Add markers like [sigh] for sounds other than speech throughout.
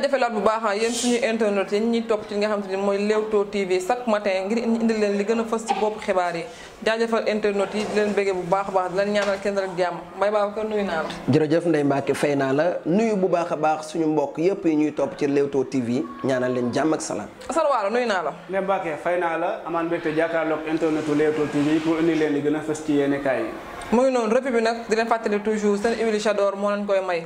jaajëfalaat bu baax yéen suñu internet yi ñuy topp ci li nga xam te ni mooy Leewtoo TV chaque matin ngir indi leen li gën a fës ci bopp xibaar yi jaajëfal internet yi leen béggee bu baax a baax di leen ñaanal kenn jàmm mbay baax ko nuyu naa la jërëjëf Ndeye fay naa la nuyu bu baax a baax suñu mbokk yépp ñuy topp ci Leewtoo TV ñaanal leen jàmm ak salaam asalwaalo nuyu naa la Ndeye Mbacke fay naa la amaan mbégte jàkkaarloog internetu Leewtoo TV pour indi gën a fës ci yéenekaay yi mu noonu revue bi nag di leen fàttali toujours seen huile J'adore moo leen koy may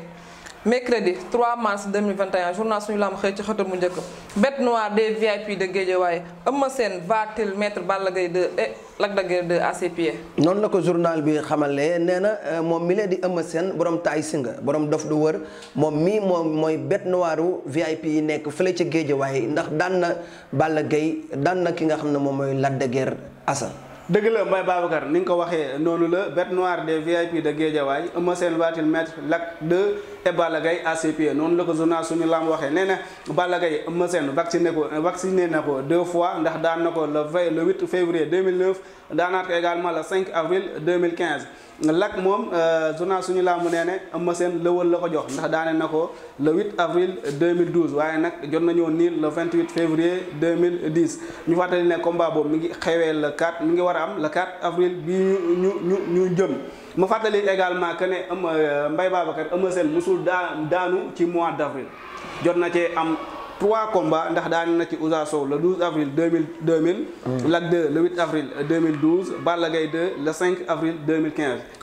mercredi 3 mars 2021 journal suñu lamb xëy ci xëtam mu njëkk bête noire des VIP de Guédiawaye Eumeu Sène va-t-il mettre Balla Gaye 2 et Lac de Guiers 2 à ses pieds noonu la ko journal bi xamalee nee na euh, moom mi leen di Eumeu seen borom taay singa borom dof du wër moom mii moom mooy bête noire u VIP yi nekk fële ci Guédiawaye ndax daan na Balla Gaye daan na ki nga xam ne moom mooy Lac de Guiers Assane dëgg la Mbaye Babacar ni nga ko waxee noonu la bête noire des VIP de Guédiawaye Eumeu Sène va-t-il mettre l'acte 2 et Balla Gaye à noonu la ko journal suñu lam waxee nee na Balla Gaye Eumeu Sène vacciné ko vacciné na ko deux fois ndax daan na ko le 20 le 8 février 2009 daanaat ko également le 5 avril 2015 lak moom euh, journal suñu làmb nee ne Eumeu Sène lëwal la ko jox ndax daanee na ko le 8 avril 2012 waaye nag jot nañoo niil le 28 février 2010 ñu fàttali ne combat boobu mi ngi xewee la 4 mi ngi war a am le 4 avril bi ñu ñu ñu ñu jëm ma fàttali également que ne Eumeu euh, Mbaye Babacar Eumeu Sène musul daa daanu ci mois d' avril jot na cee am trois combats ndax daan na ci Ousa Sow le avril 2000 2000. Hmm. avril 2012 Balla Gaye 2 avril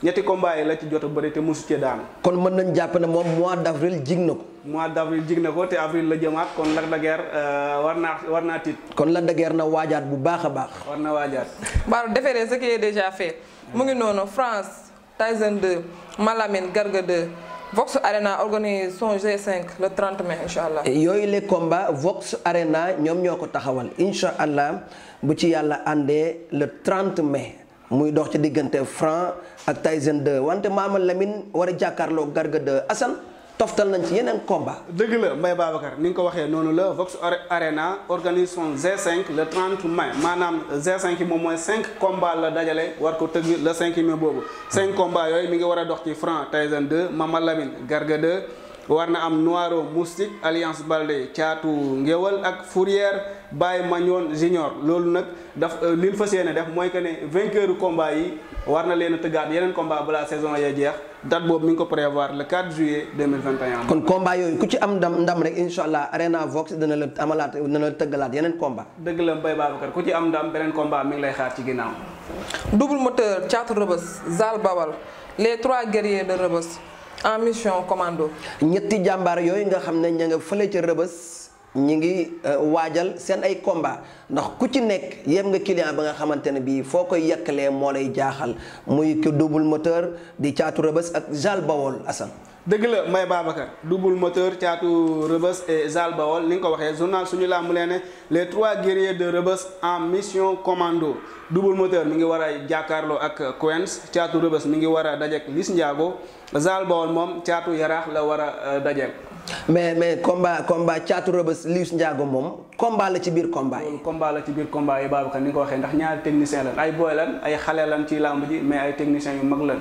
ñetti combats yi la ci jot a bëri te mosu cee daan. kon mën nañ jàpp ne moom mois d' jig na ko. mois d' jig na ko te avril la jëmaat kon Lac de Guiers euh, war naa war naa tiit. kon Lac de Guiers na waajaat bu baax a baax. war na waajaat. Baalu deferee ce déjà fait mu ngi noonu France Tyson 2 Malamine Garga 2. Vox Arena organise son g cinq le 30 mai incha allah. yooyu les combats Vox Arena ñoom ñoo ko taxawal incha allah bu ci yàlla àndee le 30 mais muy dox ci diggante Franc ak Tyson 2 wante maamal Lamine war a jàkkaarloo Garga de Assane. toftal nañ ci yeneen combat dëgg la Mbaye Babacar ni nga ko waxee noonu la Vox Arena organise son G5 le 30 mai maanaam G5 yi moom mooy cinq combat la dajale war ko tëgg le 5 mai boobu cinq combat yooyu mi ngi war a dox ci Franc de 2 Mama Lamine Garga de war na am Noiro Moustique Alliance Baldé caatu ngéwal ak Fourière Baye Magnon Junior loolu nag daf euh, li ñu fas yéene def mooy que ne vainqueur combat yi war na leen a tëggaat yeneen combat balaa saison ya jeex date boobu mi ngi ko prévoir le 4 juillet 2021. kon combat yooyu ku ci am ndam ndam rek incha allah Arena Vox dana la amalaat dana la tëggalaat yeneen combat. dëgg la Mbaye Babacar ku ci am ndam beneen combat mi lay xaar ci ginnaaw. double moteur caatu rëbës Zal Babal les trois guerriers de rëbës. en mission commando. ñetti jàmbaar yooyu nga xam ne ña nga fële ca rëbës ñi ngi euh, waajal seen ay combat ndax ku ci nekk yem nga client ba nga xamante ne bii foo koy yàkkalee moo lay jaaxal muy ko double moteur di caatu rëbës ak Jal Bawol Assane. dëgg la Mbaye Babacar double moteur caatu Rebeuss et Zal Baol ni nga ko waxee journal suñu làmb lee ne les trois guerriers de Rebeuss en mission commando double moteur mi ngi war a jàkkaarloo ak Quench caatu Rebeuss mi ngi war a dajeek Liss Ndiago Zal Baol moom caatu Yaraax la war a euh, dajeek mais mais combat combat caatu Rebeuss Liss Ndiago moom combat la ci biir combat yi. combat la ci biir combat yi Babacar ni nga ko waxee ndax ñaari technicien la ay boy lan ay xale lan ci làmb mais ay techniciens yu mag lan.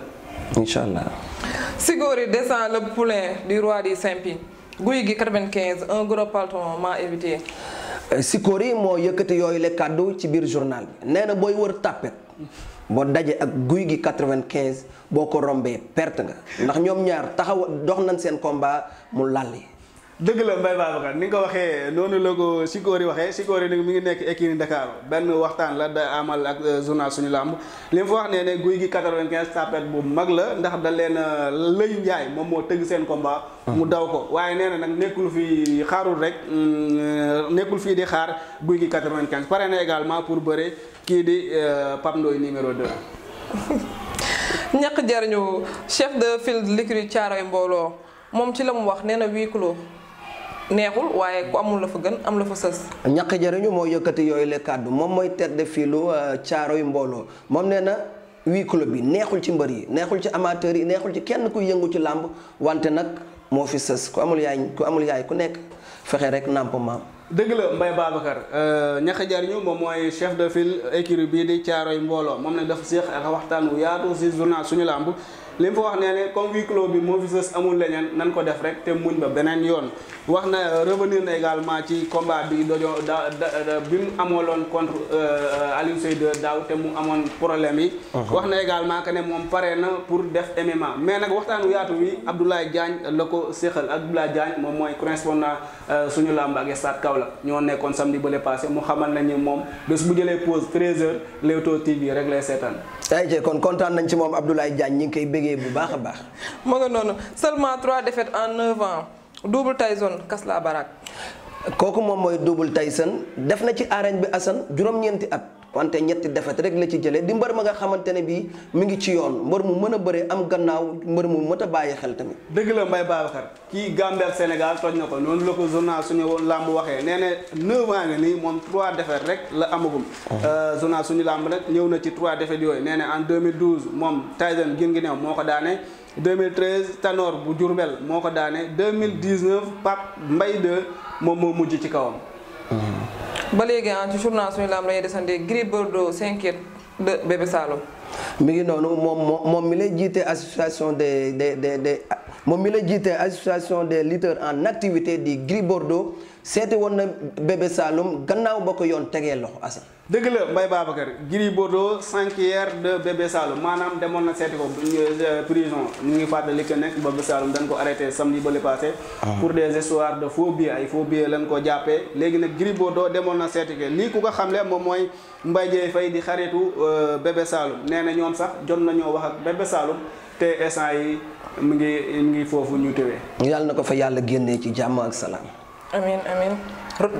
incha Sigori descend le poulain du roi du guy gi 95 un gros paleton m'a évité. Euh, Sikori moo yëkkati yooyu la kàddu ci biir journal bi nee na booy wër tàppet boo daje ak guy gi 95 boo ko rombee perte nga ndax ñoom ñaar taxaw dox nañ seen combat mu lalli dëgg la Mbaye Babacar ni nga ko waxee noonu la ko Sikori waxee Sikori nag mi ngi nekk écurie Dakar benn waxtaan la da amal ak euh, journal suñu làmb li mu fa ne guy gi 95 tapet bu mag la ndax da leen euh, lëy njaay moom moo tëgg seen combat. Ah. mu daw ko waaye nee na nag nekkul fii xaarul rek mm, nekkul fii di xaar guy gi 95 pare na également pour bëre kii di euh, Pape Ndoye numéro 2. [laughs] ñàkk jariñu chef de file de l'écurie mbooloo moom ci la mu wax nee na huis neexul waaye ku amul la fa gën am la fa sës. ñàkk jëriñu moo yëkkati yooyu la kàddu moom mooy tête de filu euh, caaro yu mbooloo moom nee na huis clos bi neexul ci mbër yi neexul ci amateurs yi neexul ci kenn ku yëngu ci làmb wante nag moo fi sës ku amul yaay ku amul yaay ku nekk fexe rek nàmp maam. dëgg la Mbaye Babacar euh, ñaxa jariñu moom mooy chef de file écurie bii di Caaroy Mbooloo moom ne dafa séex ak waxtaan wu yaatu si journal suñu làmb li mu fa wax nee ne comme huis clos bi moo fi sës amul leneen nan ko def rek te muñ ba beneen yoon wax na euh, revenir na également ci combat bi dojo da bi mu amooloon contre euh, euh, Aliou Seydou daaw te mu amoon problème yi uh-huh. wax na également que ne moom pare na pour def MMA mais nag waxtaan wu yaatu wi Abdoulaye jaañ la ko séqal Abdoulaye jaañ moom mooy correspondant suñu làmb ak stade Kaolack ñoo nekkoon samedi bële passé mu xamal nañu moom bés bu jëlee pause 13 heures Leewtoo TV rek lay seetaan bëggee bu baax a baax. ma nga noonu seulement trois défaites en neuf ans double Tyson kas la barak. kooku moom mooy double Tyson def na ci arène bi Assane juróom-ñeenti at. wante ñetti defet rek la ci jëlee di mbër ma nga xamante ne bii mu ngi ci yoon mbër mu mën a bëre am gannaaw mbër mu mën a bàyyi xel tamit dëgg la Mbaye Babacar kii Gambie Sénégal toj na ko noonu la ko journal suñu làmb waxee nee ne neuf ans nga moom trois defet rek la amagum ah. euh, journal suñu làmb nag ñëw na ci trois defet yooyu nee ne en 2012 moom Tyson gin gi neew moo ko daane 2013 Tanor bu Diourbel moo ko daane 2019 Pape mbay 2 moom moo mujj ci kawam ba léegi ah ci journal suñu laam lañuy desandi Gris Bordeaux s'inquiète de Bébé Saloum. mi ngi noonu moom moom mi lay jiite association des des de des moom mi la jiite association des lutteurs en activité di Gris Bordeaux. seete woon na bébé Saloum gannaaw ba ko yoon tegee loxo Assane. dëgg la Mbaye Babacar Gris Bordeaux cinquière de bébé Saloum maanaam demoon na seeti ko euh, prison mu ngi fàttali que nekk bébé Saloum dañ ko arrêté sam ba le passé. Ah. pour des histoires de faux billets ay faux billets lañ ko jàppee léegi nag Gris Bordeaux demoon na seeti ko lii ku ko xamle moom mooy Mbaye Dieye Faye di xaritu euh, bébé Saloum nee na ñoom sax jot nañoo wax ak bébé Saloum te instant yi mu ngi mu ngi foofu ñu yàlla na ko fa yàlla génnee ci jàmm ak salaam. amiin amiin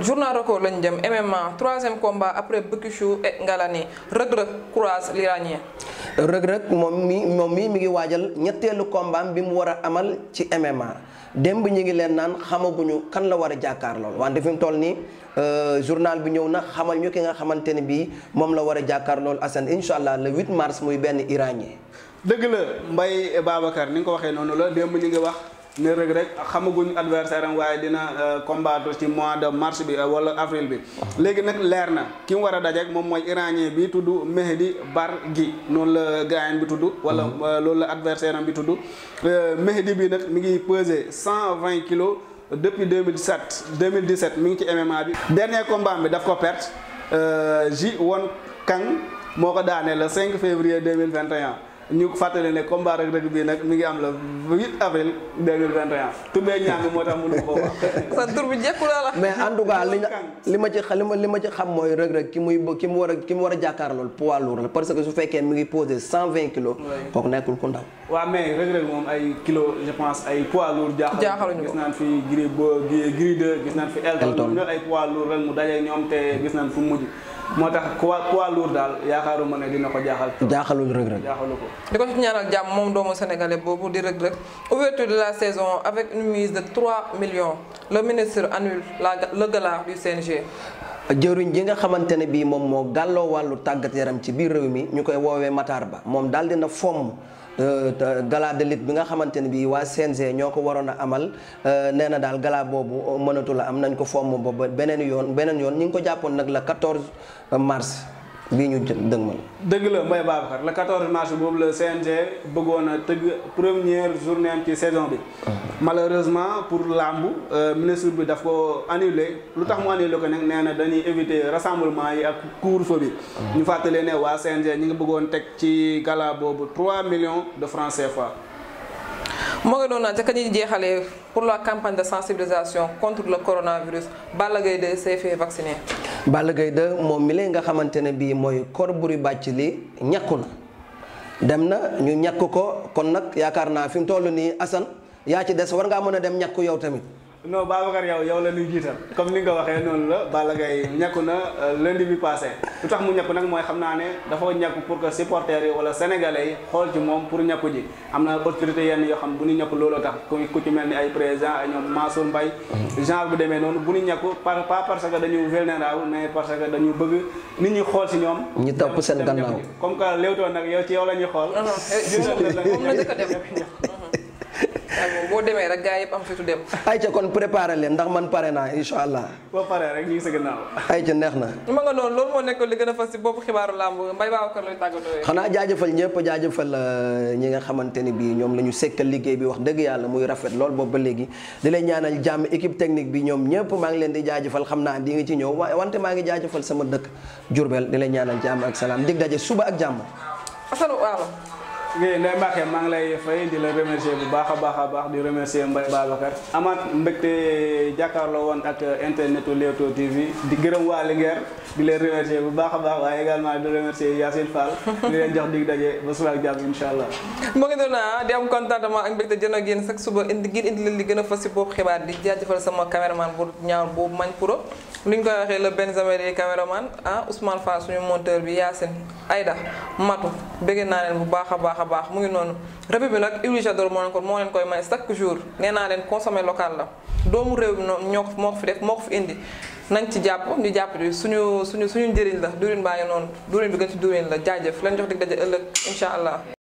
journal record lañ jëm MMA troisième combat après Bécassou et Ngalani Reug Reug croise l'Iranien. Reug Reug moom mi moom mii mi ngi waajal ñetteelu combat bi mu war a amal ci MMA bi ñu ngi leen naan xamaguñu kan la war a jàkkaar lool wante fi mu toll nii euh, journal bi ñëw na xamal ñu ki nga xamante ne bii moom la war a jàkkaar lool Assane incha allah le 8 mars muy benn Iranien. dëgg la mbay Babacar ni nga ko waxee noonu la démb ñu ngi wax. ne rek rek xamaguñ adversaire waaye dina euh, combattre ci mois de mars bi euh, wala avril bi léegi nag leer na ki mu war a dajeek moom mooy iranien bi tudd Mehdi gi noonu la gaayan bi tudd wala mhm. euh, loolu la adversaire am bi tudd Mehdi bi nag mi ngi peser cent vingt kilos depuis 2007 2017 mi ngi ci MMA bi dernier combat bi daf ko perte Ji Won kan moo ko daanee le 5 février 2021 ñu fàttali ne combat Reug Reug bii nag mi ngi am la 8 avril 2021 tuddee ñàng moo tax mënu ko wax. [laughs] mais en tout cas li ma ci li ma ci xam mooy rek Reug ki muy ki mu war a ki mu war a jàkkaarlool poids lourd la parce que su fekkee mu ngi posé 120 kilos. kooku nekkul ku ndaw. waaw mais Reug Reug moom ay kilo je pense ay poids lourd. jaaxaluñu ko gis naan fi Gris Bo gis naan fi Elton. Elton ñoom ay poids lourd rek mu daje ñoom te gis naan fu mujj. moo tax poids lourd daal ma ne dina ko jaaxal. jaaxalul Reug Reug jaaxalu ko. di ko ci ñaanal jàmm moom doomu sénégalais boobu di Reug Reug ouverture de la saison avec une mise de trois millions la ministre annule la le gala du CNG. jëwriñ ji nga xamante ne bii moom moo gàlloo wàllu tàggat yaram ci biir réew mi ñu koy woowee Matar Ba moom daal dina fomm. Euh, gala de lutte bi nga xamante ne bii waa CNG ñoo ko waroon a amal euh, nee na daal gala boobu mënatul am nañ ko fomm ba beneen yoon beneen yoon ñu ngi ko jàppoon nag la 14 mars. bii ñu dëng man dëgg la Mbaye Babacar le 14 mars boobu la CNG bëggoon a tëgg première journée am ci saison bi. Uh-huh. malheureusement pour làmb euh, ministre bi daf ko annulé lu tax mu uh-huh. annulé ko nag nee na dañuy éviter rassemblement yi ak couvre-feu bi. Uh-huh. ñu fàttalee ne waa CNG ñi ngi bëggoon teg ci gala boobu 3 millions de francs fois moo ngi doon naan ca ka ñuy jeexalee pour la campagne de sensibilisation contre le coronavirus Balla Gaye 2 s'est fait e vacciner. Balla Gaye 2 moom mi nga xamante ne bii mooy kor buri bàcc li ñàkku na dem na ñu ñàkk ko kon nag yaakaar naa fi mu toll nii Assane yaa ci des war ngaa mën a dem ñàkk yow tamit non ba yow yow la ñuy jiital comme ni nga ko waxee noonu la Balla Gaye ñàkku na euh, lundi bi passé lu tax mu ñàkku nag mooy xam naa ne dafa ñàkku pour que supporters yi wala sénégalais yi xool ci moom pour ñàkku ji am na autorité yenn yoo xam bu ñu ñàkku looloo tax ku ci mel ni ay président ñoom Mansour Mbaye mm-hmm. genre bu demee noonu bu ñu ñàkku par pas parce que dañu vulnérable mais parce que dañu bëgg nit ñi xool si ñoom ñu topp seen gannaaw comme que Leewtoo nag yow ci [laughs] [laughs] moom boo demee rek gars yëpp am fitu dem. ayca kon préparé leen ndax man pare naa incha allah. boo paree rek ñu neex na. ma nga noonu loolu moo nekkoon li gën a fas si bopp xibaaru làmb mbay baaw kër looy tàggatoo. xanaa jaajëfal ñëpp jaajëfal euh, ñi nga xamante ni bii ñoom la ñu sekkal liggéey bi wax dëgg yàlla muy rafet lool boobu ba léegi di leen ñaanal jàmm équipe technique bi ñoom ñëpp maa ngi leen di jaajëfal xam naa di nga ci ñëw wante maa ngi jaajëfal sama dëkk Jurbel di leen ñaanal jàmm ak salaam dig daje suba ak jàmm ngay Ndeye Mbacke maa ngi lay fay di la remercier bu baax a baax a baax di remercier Mbaye Babacar amaat mbégte jàkkaarloo woon ak internetu Leewtoo TV di gërëm waa Linguère di leen remercier bu baax a baax waaye également di remercier Yacine Fall di leen jox dig daje ba suba ak jàmm incha allah moo ngi doon ah, di am contentement ak mbégte jëno ak yéen chaque suba indi ngir indi leen li gën a fas si boobu xibaar di jaajëfal sama caméraman bu ñaaw boobu mañ puro li koy waxee le Benzema di caméraman ah Ousmane Fall suñu monteur bi Yacine Aïda Matou bëgg naa leen baax baax a baax mu ngi noonu rëbi bi nag huile j'adore moo leen ko moo leen koy may chaque jour nee leen consommer local la doomu réew mi noonu ñoo ko moo ko fi def moo ko fi indi nañ ci jàpp ñu jàpp bi suñu suñu suñu njëriñ la durin baa ngi noonu durin bi gën ci durin la jaajëf leen jox dig daje ëllëg incha allah